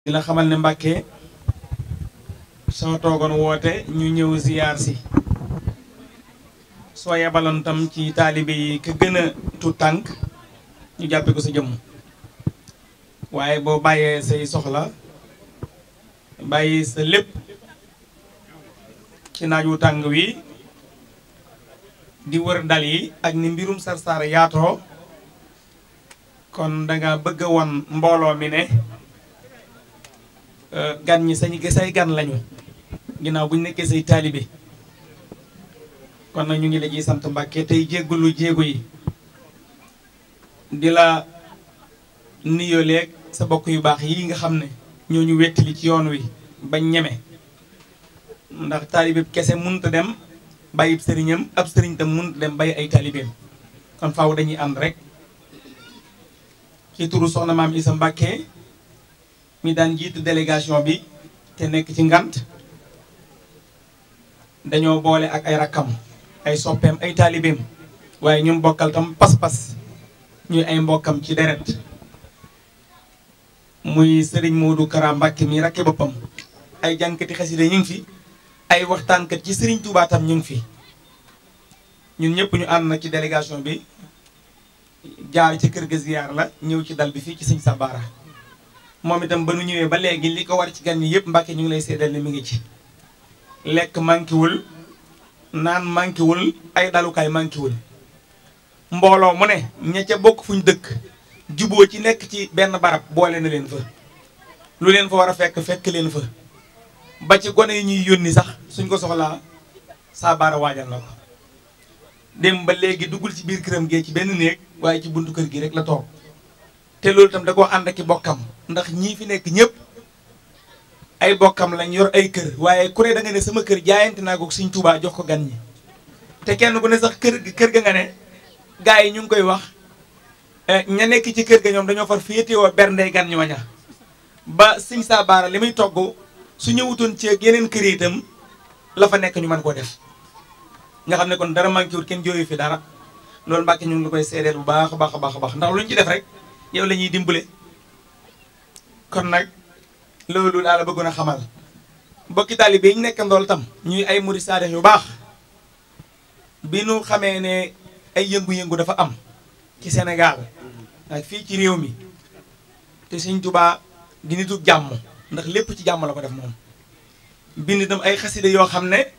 di la xamal ne Mbàkke soo toogoon woote ñu ñëw ziyaar si soo yebaloon tam ci taalibe yi ka gën a tànk ñu jàppe ko sa jëmm waaye boo bàyyee say soxla bàyyi sa lépp ci naaj wu tàng wi di wër dal yi ak ni mbirum Sarsara yaato kon danga bëgg a won mbooloo mi ne Euh, gan ñi sañ say gan lañu ginnaaw bu ñu nekkee say taalibe kon nag ñu ngi lañuy sant Mbàkke tey jéggulu jéego yi di la nuyoo léeg sa bokk yu baax yi nga xam ne ñoo ñu wettali ci yoon wi bañ ñeme ndax taalibe kese mënut dem bàyyi sëriñam ab sëriñ tam mënut dem bàyyi ay taalibeem kon faw dañuy ànd rek ci turu soxna maam Isa Mbàkke mi daan jiitu délégation bi te nekk ci ngant dañoo boole ak ay rakkam ay soppeem ay taalibeem waaye ñun bokkal tam pas-pas ñuy ay mbokkam ci deret muy sëriñ Modou Kara Mbacke mi rakke boppam ay jànkati xasida ñu ngi fi ay waxtaankat ci sëriñ Touba ñu ngi fi ñun ñëpp ñu ànd na ci délégation bi jaar ci kër ga la ñëw ci dal bi fii ci sëñ baara moom itam ba nu ñëwee ba léegi li ko war ci gan ñi yëpp Mbàkke ñu ngi lay seedal ni mi ngi ci lekk manquéwul naan manquéwul ay dalukaay manquéwul mbooloo mu ne ña ca bokk fuñ dëkk juboo ci nekk ci benn barab boole na leen fa lu leen fa war a fekk fekk leen fa ba ci gone yi ñuy yónni sax suñ ko soxlaa saa baara waajal na ko dem ba léegi duggul ci biir këram gee ci benn néeg waaye ci buntu kër gi rek la toog te loolu tam da koo ànd ak i bokkam ndax ñii fi nekk ñëpp ay bokkam lañ yor ay kër waaye ku ne da nga ne sama kër jaayante naa ko Sëñ Tuubaa jox ko gan ñi te kenn ku ne sax kër kër ga nga ne gars yi ñu ngi koy wax eh, ña nekk ci kër ga ñoom dañoo far féetewoo berndey gan ñu ma ña ba Sëñ Saa li muy togg su ñëwutoon ci yeneen kër yi itam la fa nekk ñu mën koo def nga xam ne kon dara manqué kenn jooyu fi dara loolu Mbàkke ñu lu koy seedeel bu baax a baax a baax ndax lu ci def yow lañuy ñuy kon nag loolu daal la bëggoon a xamal mbokki taalibe yi nekk ndool tam ñuy ay murid saadix yu baax bi nu xamee ne ay yëngu-yëngu dafa am ci Sénégal ak fii ci réew mi te Sëñ Tuubaa di nitu jàmm ndax lépp ci jàmm la ko def moom bind itam ay xasida yoo xam ne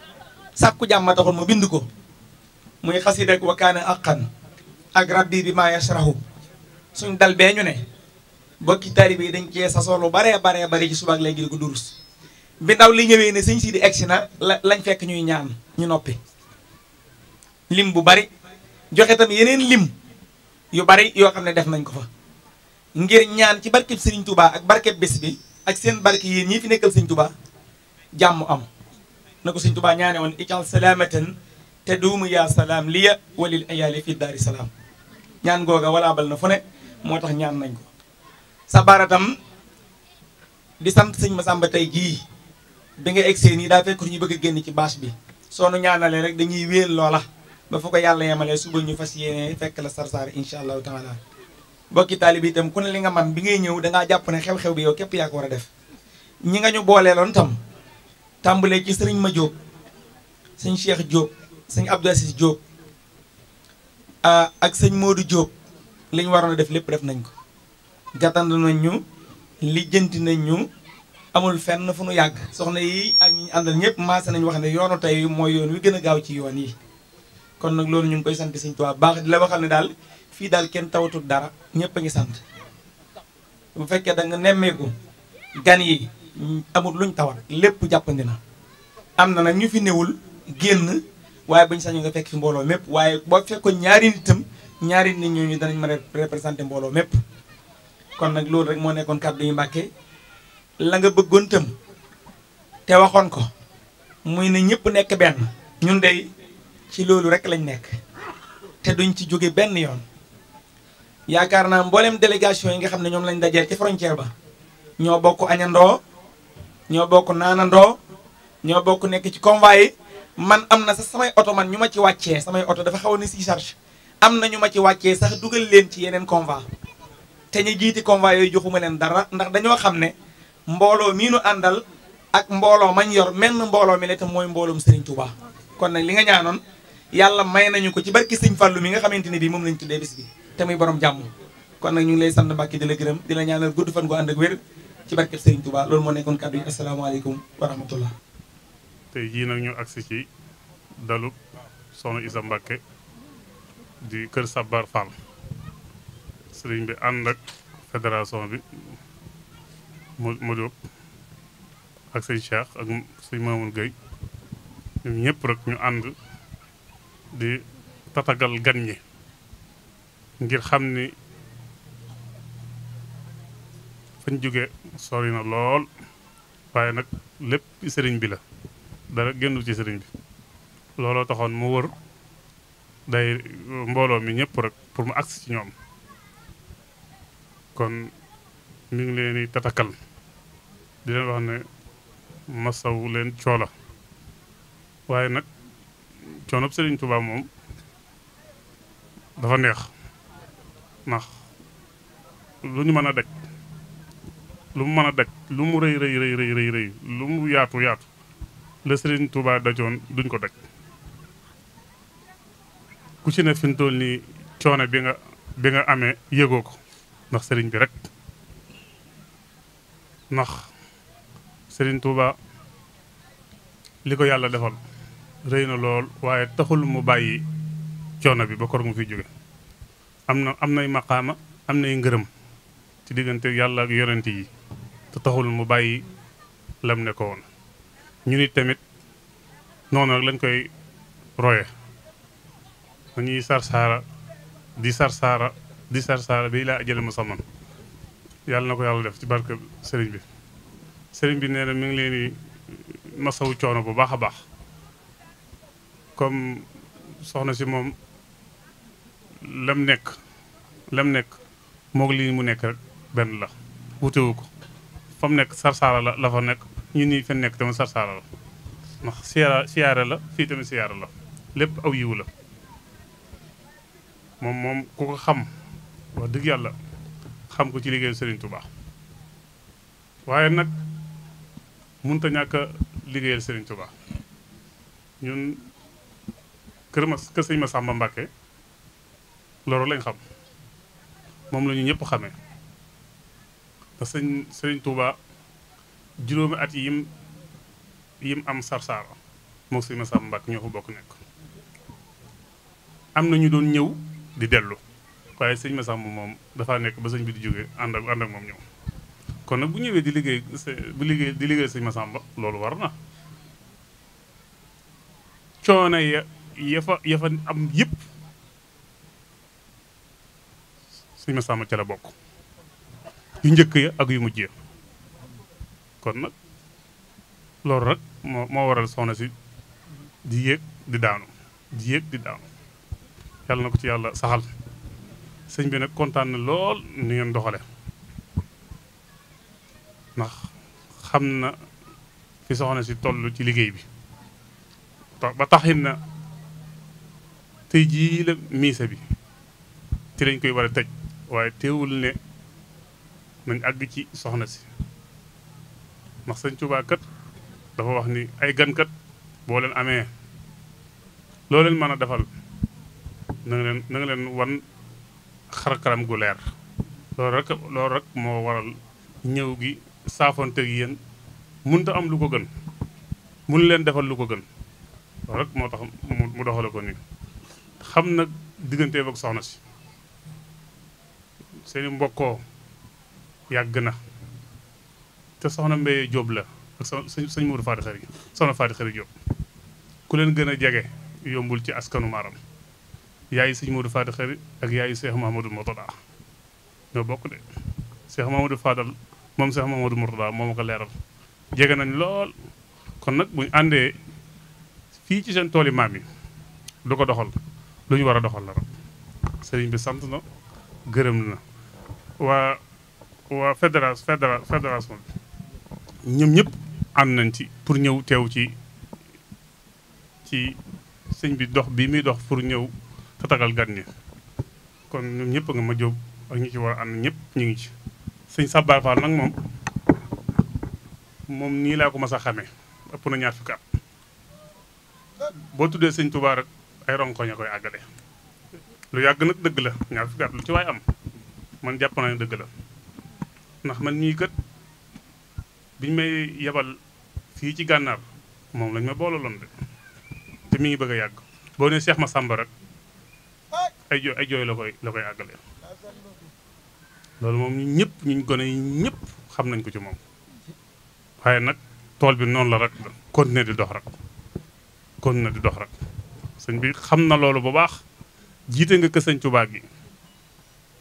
sàkku jàmm taxul mu bind ko muy xasida wa kaana aqan ak rabbi bi maa yasrahu suñ dal bee ñu ne bokki taalibe yi dañ cee sasoo lu baree baree bari ci subaak léegi di ko durus bi ndaw li ñëwee ne sëñ si di egsi na la lañ fekk ñuy ñaan ñu noppi lim bu bari joxe tam yeneen lim yu bari yoo xam ne def nañ ko fa ngir ñaan ci barkeb sëriñ tubaa ak barkeb bés bi ak seen barke yéen ñii fi nekkal sëñ Touba jàmm am na ko sëñ Touba ñaane woon ical salaamatan te duumu yaa salaam liya walil ayaali fi daari salaam ñaan googa walaa bal na fu ne moo tax ñaan nañ ko sabara tam di sant sëñ ma Masamba tey jii bi nga egsee nii daa fekk ñu bëgg a génn ci bâche bi soo nu ñaanalee rek dañuy wéel loola ba fu ko yàlla yemalee suba ñu fas yéene fekk la sarsar incha allahu taala bokki taalibi itam ku ne li nga man bi ngay ñëw dangaa jàpp ne xew-xew bi yow képp yaa ko war a def ñi nga ñu booleeloon tam tàmbalee ci sëriñ ma Diop sëñ Cheikh Diop sëñ Abdou Assis Diop ah, ak sëñ Modou Diop liñ ñu waroon a def lépp def nañ ko gàttandu nañ ñu lijjanti nañ ñu amul fenn fu nu yàgg soxna yi ak ñu ñu àndal ñëpp maase nañu wax ne yoonu tey mooy yoon wi gën a gaaw ci yoon yi kon nag loolu ñu ngi koy sant Sëñ Tuubaa baax di la waxal ne daal fii daal kenn tawatul dara ñëpp a ngi sant bu fekkee da nga nemmeeku gan yi amul luñ tawat lépp jàppandi na am na nag ñu fi newul génn waaye bañ sañu nga fekk fi mbooloo mépp waaye boo fekkoon ñaari nitam ñaari nit ñooñu danañ ma a représenté mbooloo mépp kon nag loolu rek moo nekkoon kàddu yu Mbàkke la nga bëggoon tam te waxoon ko muy ne ñëpp nekk benn ñun dey ci loolu rek lañ nekk te duñ ci jóge benn yoon yaakaar naa mboolem délégation yi nga xam ne ñoom lañ dajeel ci frontière ba ñoo bokk añandoo ñoo bokk naanandoo ñoo bokk nekk ci convoi man am na sa samay oto man ñu ma ci wàccee samay oto dafa xaw a ne si am na ñu ma ci wàccee sax dugal leen ci yeneen convoi te ñu jiiti convoi yooyu joxuma leen dara ndax dañoo xam ne mbooloo mii nu àndal ak mbooloo mañ yor menn mbooloo mi la te mooy mbooloom Serigne Touba kon nag li nga ñaanoon yàlla may nañu ko ci barki Serigne Fallou mi nga xamante ne bii moom lañ tuddee bis bi te muy borom jàmm kon nag ñu ngi lay sant Mbàkke di la gërëm di la ñaanal gudd fan gu ànd ak wér ci barkeb Serigne Touba loolu moo nekkoon kàddu yi asalaamaaleykum wa rahmatullah tey jii nag ñu agsi ci dalub soxna Isa Mbàkke di kër Sabar Fall sëriñ bi ànd ak fédération bi mu Diop ak sëñ Cheikh ak sëñ Mamoul Gueye ñoom ñëpp rek ñu ànd di tatagal gan ñi ngir xam ni fañ jóge sori lool waaye nag lépp sëriñ bi la dara génnu ci sëriñ bi looloo taxoon mu wër day mbooloo mi ñëpp rek pour mu agsi ci ñoom kon mi ngi leen di tatakal di leen wax ne masawu leen coola waaye nag coonob Serigne Touba moom dafa neex ndax lu ñu mën a daj lu mu mën a daj lu mu rëy rëy rëy rëy rëy lu mu yaatu yaatu la sëriñ Touba dajoon duñ ko daj ku ci ne fi mu toll nii coono bi nga bi nga amee yëgoo ko ndax sëriñ bi rek ndax sëriñ Touba li ko yàlla defal rëy na lool waaye taxul mu bàyyi coono bi ba kor mu fi jóge am na am nay maqaama am nay ngërëm ci diggante yàlla ak yonent yi te taxul mu bàyyi lam ne ko woon ñu nit tamit noonu lañ koy roye fu ñuy sarsaara di sarsaara di sarsaara bi laa ajal musamman yàlla na ko yàlla def ci barke sëriñ bi sëriñ bi nee na mi ngi leen di masawu coono bu baax a baax comme soxna si moom lam nekk lam nekk moog lii mu nekk rek benn la wutewu ko fa mu nekk sarsaara la la fa nekk ñun ñii fa nekk tamit sarsaara la ndax la fii tamit siyaara la lépp aw yiwu la moom moom ku ko xam wax dëgg yàlla xam ko ci liggéeyu Serigne Touba waaye nag mënut a ñàkk a liggéeyal Serigne Touba ñun kër ma kër sëñ Massamba Mbacke loolu lañ xam moom lañu ñu ñëpp xamee te sëñ Serigne Touba juróomi at yim yim am sarsaara moom sëñ Massamba Mbacke ñoo fa bokk nekk am na ñu doon ñëw. di dellu waaye sëñ Massamba moom dafaa nekk ba sëñ bi di jóge ànd ak ànd ak moom ñëw kon nag bu ñëwee di liggéey bu liggéey di liggéey sëñ Massamba loolu war na coono ya ya fa ya fa am yëpp sëñ Massamba ca la bokk yu njëkk ya ak yu mujj ya kon nag loolu rek moo moo waral soxna si di yéeg di daanu di yéeg di daanu yàlla na ko ci yàlla saxal sëñ bi nag kontaan lool ni ngeen doxale ndax xam na fi soxna si toll ci liggéey bi ba taxit na tey jii la miise bi ci lañ koy war a tëj waaye teewul ne nañ àgg ci soxna si ndax sëñ Tuubaa kat dafa wax ni ay gankat boo leen amee loo leen a defal na nga leen na nga wan xarkaram gu leer loolu rek loolu rek moo waral ñëw gi saafonteeg yéen mënta am lu ko gën mun leen defal lu ko gën loolu rek moo tax mu doxale ko nii xam nag digganteem ak soxna si seeni mbokkoo yàgg na te soxna Mbaye Diop la ak sëñ sëñ Mourou Fadi Xari soxna Fadi Xari Diop ku leen gën a jege yombul ci askanu maaram yaay sëñ Modou Fadal Xari ak yaayu Cheikh Mahamadou Mourtada ñoo bokk de Cheikh Mahamadou Fadal moom Cheikh Mahamadou Mourtada moo ma ko leeral jege nañ lool kon nag buñ àndee fii ci seen tool yi maam yi du ko doxal lu ñu war a doxal la rek sëriñ bi sant na gërëm na waa waa fédération fédération bi ñoom ñëpp ànd nañ ci pour ñëw teew ci ci sëñ bi dox bi muy dox pour ñëw tatagal gan ñi kon ñun ñëpp nga ma jóg ak ñi ci war a ànd ñëpp ñu ngi ci sëñ Sabaar Fall nag moom moom nii laa ko mas a xamee ëpp na ñaar fukki at boo tuddee sëñ Tuubaa rek ay ronkoñ a koy àggale lu yàgg nag dëgg la ñaar fukki at lu ci waay am man jàpp naa dëgg la ndax man ñii kat biñ may yebal fii ci gànnaar moom lañ ma boolaloon de te mi ngi bëgg a yàgg boo nee Cheikh Massamba rek ay jo ay jooy la koy la koy àggale loolu moom ñu ñëpp ñu gone yi ñëpp xam nañ ko ci moom waaye nag tool bi noonu la rek continuer di dox rek continuer di dox rek sëñ bi xam na loolu bu baax jiite nga ko sëñ Tuubaa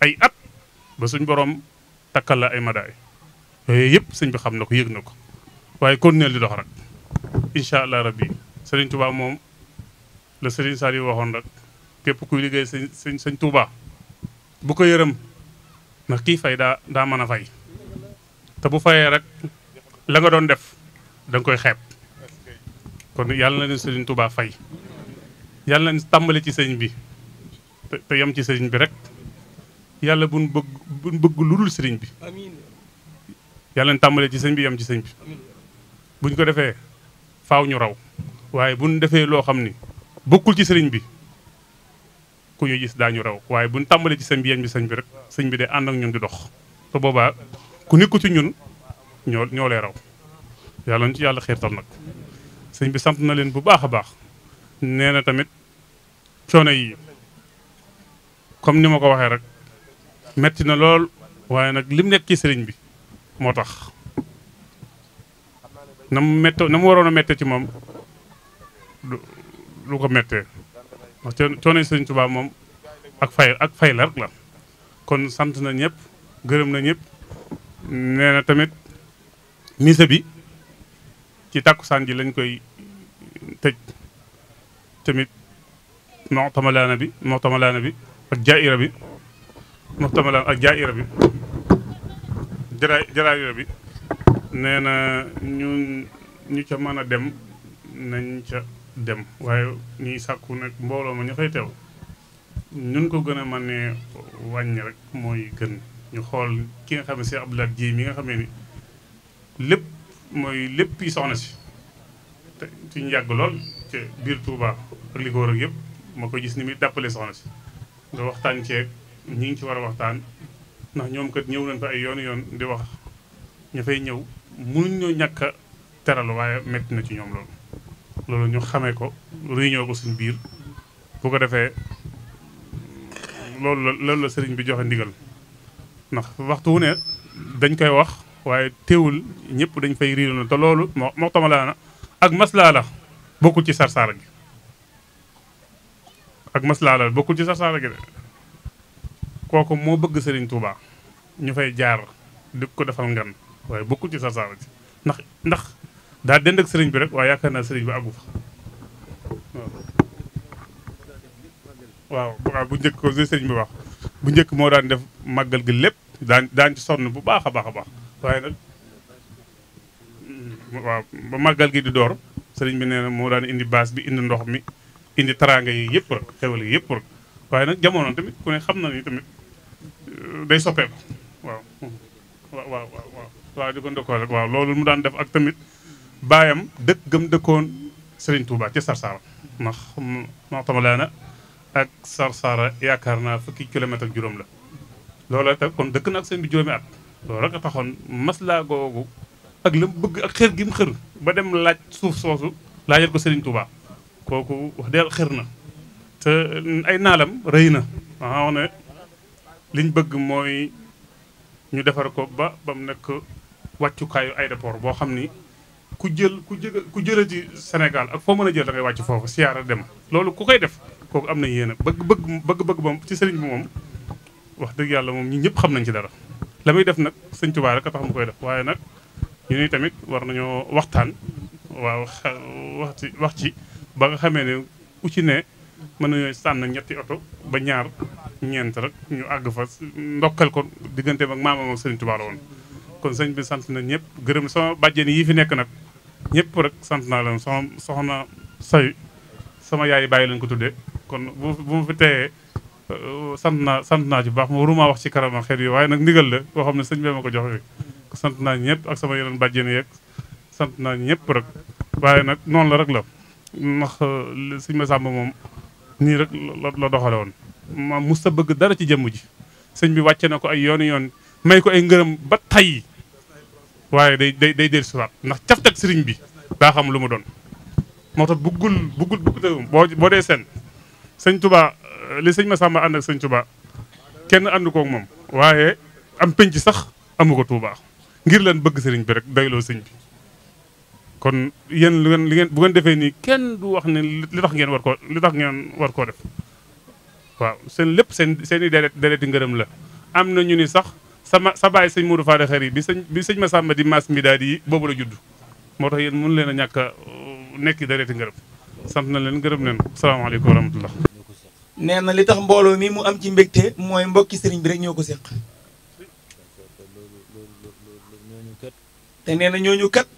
ay at ba suñ borom takkal la ay madaay yooyu yëpp sëñ bi xam na ko yëg na ko waaye continuer di dox rek incha allah rabbi sëriñ Tuubaa moom la sëriñ Saliou waxoon rek képp kuy liggéey sëñ sëñ sëñ bu ko yërëm ndax kii fay daa daa mën a fay te bu fayee rek la doon def danga koy xeeb kon yàlla na leen sëñ Touba fay yàlla na tàmbali ci sëñ bi te yem ci sëriñ bi rek yàlla bu bëgg bëgg lu dul sëriñ bi yàlla tàmbalee ci sëñ bi yem ci sëñ bi buñ ko defee faaw ñu raw waaye buñ defee loo xam ni bokkul ci sëriñ bi ku ñu gis daañu raw waaye bu buñ tàmbalee ci sëñ bi yéen bi sëñ bi rek sëñ bi de ànd ak ñun di dox te boobaa ku nekku ci ñun ñoo ñoo lay raw yàlla ñu ci yàlla xiirtal nag sëñ bi sant na leen bu baax a baax nee na tamit coono yi comme ni ma ko waxee rek metti na lool waaye nag lim nekk ci sëriñ bi moo tax na mu mett na mu waroon a mettee ci moom lu ko mettee wax coono sëriñ Tuubaa moom ak fay ak fay la rek la kon sant na ñëpp gërëm na ñëpp nee tamit misa bi ci tàkkusaan ji lañ koy tëj tamit moxtamalaana bi moxtamalaana bi ak jaaira bi moxtamalaana ak jaaira bi jara jaraayira bi nee na ñu ñu ca mën a dem nañ ca dem waaye ñuy sàkku nag mbooloo ma ñu fay teew ñun ko gën a man ne wàññi rek mooy gën ñu xool ki nga xam si Cheikh Abdoulaye Dieye mi nga xam ne ni lépp mooy lépp yi soxna si te yàgg lool ca biir Touba ak yëpp ma ko gis ni muy dàppale soxna si nga waxtaan ceeg ñi ngi ci war a waxtaan ndax ñoom kat ñëw nañ fa ay yoon yoon di wax ña fay ñëw mënuñ ñoo ñàkk a teral waaye métti na ci ñoom lool loolu ñu xamee ko réunion ko suñ biir bu ko defee loolu la loolu la sëriñ bi joxe ndigal ndax waxtu ne dañ koy wax waaye teewul ñëpp dañ fay réunion te loolu moo moo tamalaana ak maslaa la ci sarsaara gi ak maslaa la bokkul ci sarsaara gi de kooku moo bëgg sëriñ tuuba ñu fay jaar di ko defal ngan waaye bokkul ci sarsaara gi ndax ndax daal dend ak sëriñ bi rek waaye yaakaar naa sëriñ bi àggu fa waaw waaw bu njëkk ko sëriñ bi wax bu njëkk moo daan def màggal gi lépp daan daan sonn bu baax a baax a baax waaye nag mm, waaw ba gi di door sëriñ bi nee na moo daan indi baas bi indi ndox mi indi taraanga yi yëpp rek xewal yi yëpp rek waaye nag jamono tamit ku ne xam na ni tamit euh, day soppeeku waaw loolu mu daan def ak tamit baayam dëkk gëm dëkkoon Serigne Touba ci Sarsara ma maxtamalaana ak Sarsara yaakaar naa fukki kilomètre juróom la loola te kon dëkk na ak sëñ bi juróomi at loolu rek a taxoon maslaa googu ak la bëgg ak xër gi mu xër ba dem laaj suuf soosu laajal ko Serigne Touba kooku wax dëgg xër na te ay naalam rëy na wax ne liñ bëgg mooy ñu defar ko ba ba mu nekk wàccukaayu aéroport boo xam ni ku jël ku jë ku jëlee ci Sénégal ak foo mën a jël da ngay wàcc foofu siyaara dem loolu ku koy def kooku am na yéen a bëgg bëgg bëgg bëgg moom ci sëriñ bi moom wax dëgg yàlla moom ñi ñëpp xam nañ ci dara la def nag sëñ Tuubaa rek a tax mu koy def waaye nag ñu ni tamit war nañoo waxtaan waaw wax ci wax ci ba nga xamee ne ku ci ne mën nañoo sànn ñetti oto ba ñaar ñeent rek ñu àgg fa ndokkal ko diggante ak maamam ak sëriñ Tuubaa woon kon sëñ bi sant na ñëpp gërëm sama bàjjen yi fi nekk nag ñëpp rek sant naa leen sama soxna say sama yaay bàyyi leen ko tuddee kon bu mu fi teyee euh, sant naa sant naa ci baax ma waruma wax ci karama xeet yi waaye nag ndigal la boo xam ne sëñ bee ma ko joxe sant naa ñëpp ak sama yeneen bàjjen yeeg sant naa ñëpp rek waaye nag noonu la rek la ndax euh, sëñ ma sàmba moom nii rek la doxale woon ma mus ta bëgg dara ci jëmm ji sëñ bi wàcce na ko ay yooni yoon may waaye day day day dellu siwaat ndax caftak sëriñ bi daa xam lu mu doon moo tax buggul buggul buggul boo boo dee seen sëñ Tuba euh, li sëñ ma Masamba ànd ak sëñ Tuba kenn ànd kook moom waaye am penc sax amu ko Tuuba ngir leen bëgg sëriñ bi rek dayloo sëñ bi kon yéen lu ngeen li ngeen bu defee nii kenn du wax ne li tax ngeen war koo li tax ngeen war koo def waaw seen lépp seen seen i deret dereti ngërëm la am na ñu ni sax sama sa bàyyi sëñ Modou Fade xar yi bi sëñ bi sëñ Massamba di mas mi daal di boobu la judd moo tax yéen mënu leen a ñàkk a uh, nekk dareeti ngërëm sant na leen gërëm leen salaamaaleykum wa rahmatullah nee na li tax mbooloo mi mu am ci mbégte mooy mbokki sëriñ bi rek ko séq na ñooñu kat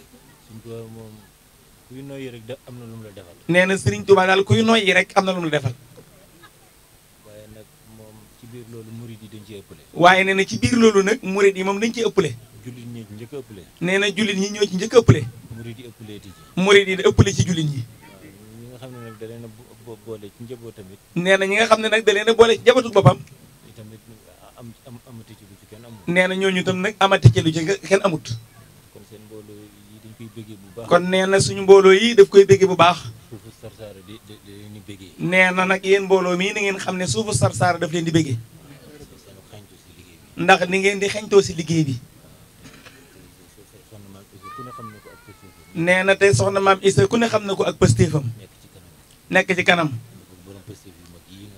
nee na sëriñ Tuubaa daal kuy nooy yi rek am na lu mu la defal nee na sëriñ Tuubaa daal kuy nooy am na lu mu la defal biir loolu murid yi dañ ci ëppale. waaye nee na ci biir loolu nag murid yi moom dañ ci ëppale. jullit a jullit ñi ñoo ci njëkk a ëppale. yi ëppale ci. da ëppale ci jullit ñi. ñi nga xam ne nag da a ne nag da leen a boole ci njabootu boppam. tamit am am amati ci lu ci kenn amut. nee ñooñu tam nag amati ci ci kenn amut. kon seen suñu mbooloo yi daf koy bëggee bu baax. nee na nag yéen mbooloo mii na ngeen xam ne suufu Sarsara daf leen di bëggee ndax ni ngeen di xeñtoo si liggéey bi nee na tey soxna maam Issa ku ne xam na ko ak pëstéefam nekk ci kanam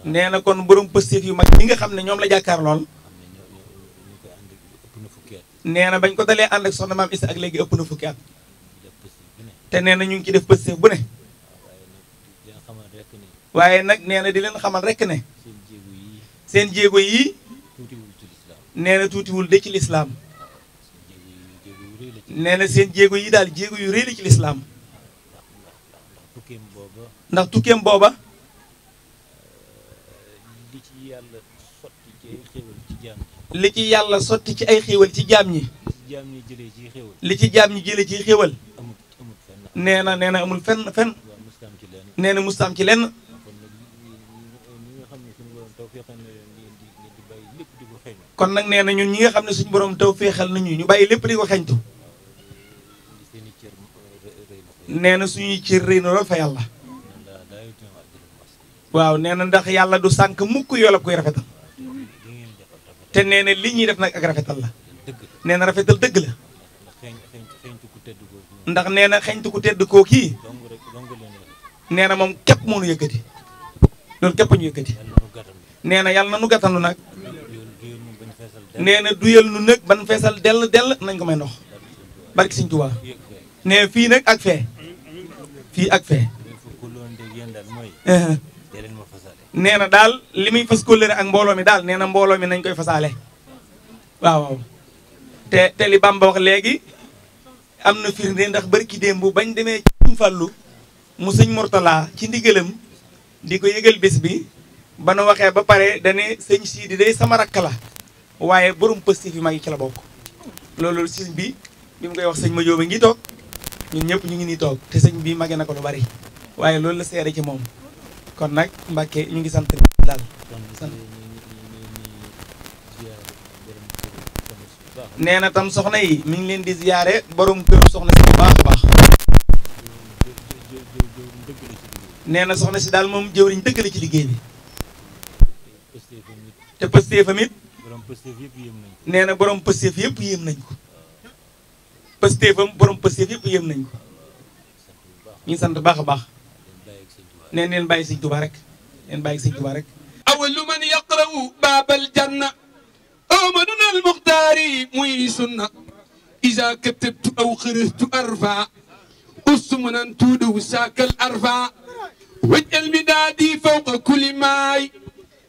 nee na kon borom pëstéef yu mag yi nga xam ne ñoom la jàkkaar lool nee na bañ ko dalee ànd ak soxna maam Issa ak léegi ëpp na fukki at te nee na ñu ngi ci def pëstéef bu ne waaye nag nee na di leen xamal rekk ne seen jéego yi nee na tuutiwul de ci lislaam neena seen jéego yi daal jéego yu rëy la ci lislaam ndax tukkeem booba eh, li ci yàlla sotti ci ay xéewal ci jaam ñi li ci jaam ñi jëlee ci xéewal nee na nee na amul fenn fenn nee na mustaam ci lenn kon nag nee na ñun ñi nga xam ne suñu borom taw xel nañu ñu bàyyi lépp di ko xeñtu eh, nee na suñuy cër rëy na lool fa yàlla waaw nee na ndax yàlla du sànk mukk yoo la koy rafetal te nee na li ñuy def nag ak rafetal la nee na rafetal dëgg la ndax nee na xeñtu ko tedd koo kii nee na moom képp moo ñu yëkkati loolu képp ñu yëkkati nee na yàlla na nu gàttanu nag nee na duyal nu nag ban feesal dell dell nañ ko may ndox barki Sëñ Tuubaa nee fii nag ak fee fii ak fee nee na daal li muy fas kóllëre ak mbooloo mi daal nee na mbooloo mi nañ koy fasaale waaw waaw te te li Bamba wax léegi am na firnde ndax barki démb bañ demee ci fàllu mu sëñ Mortala ci ndigalam di ko yëgal bés bi ba nu waxee ba pare dane sëñ Sidi day sama rakk la waaye borom positif yi mag yi ci la bokk loolu sëñ bi bi mu koy wax sëñ ma jóoba ngi toog ñu ñëpp ñu ngi nii toog te sëñ bi mage na ko lu bari waaye loolu la seere ci moom kon nag Mbàkke ñu ngi sant daal sant nee na tam soxna yi mi ngi leen di ziyaare borom këru soxna si bu baax baax na soxna daal moom jëwriñ dëgg la ci liggéey bi te pësteefam it nee na borom pësteef yëpp yéem nañ ko pësteefam borom pësteef yëpp yéem nañ ko ñu sant baax a baax neen leen bàyyi sëñ Tuubaa awalu man yaqra'u baabal janna amaduna al muxtaari muy sunna iza katabtu aw xërëtu arfa usmanan tuudaw saakal arfa waj al midaadi fawqa kulli maay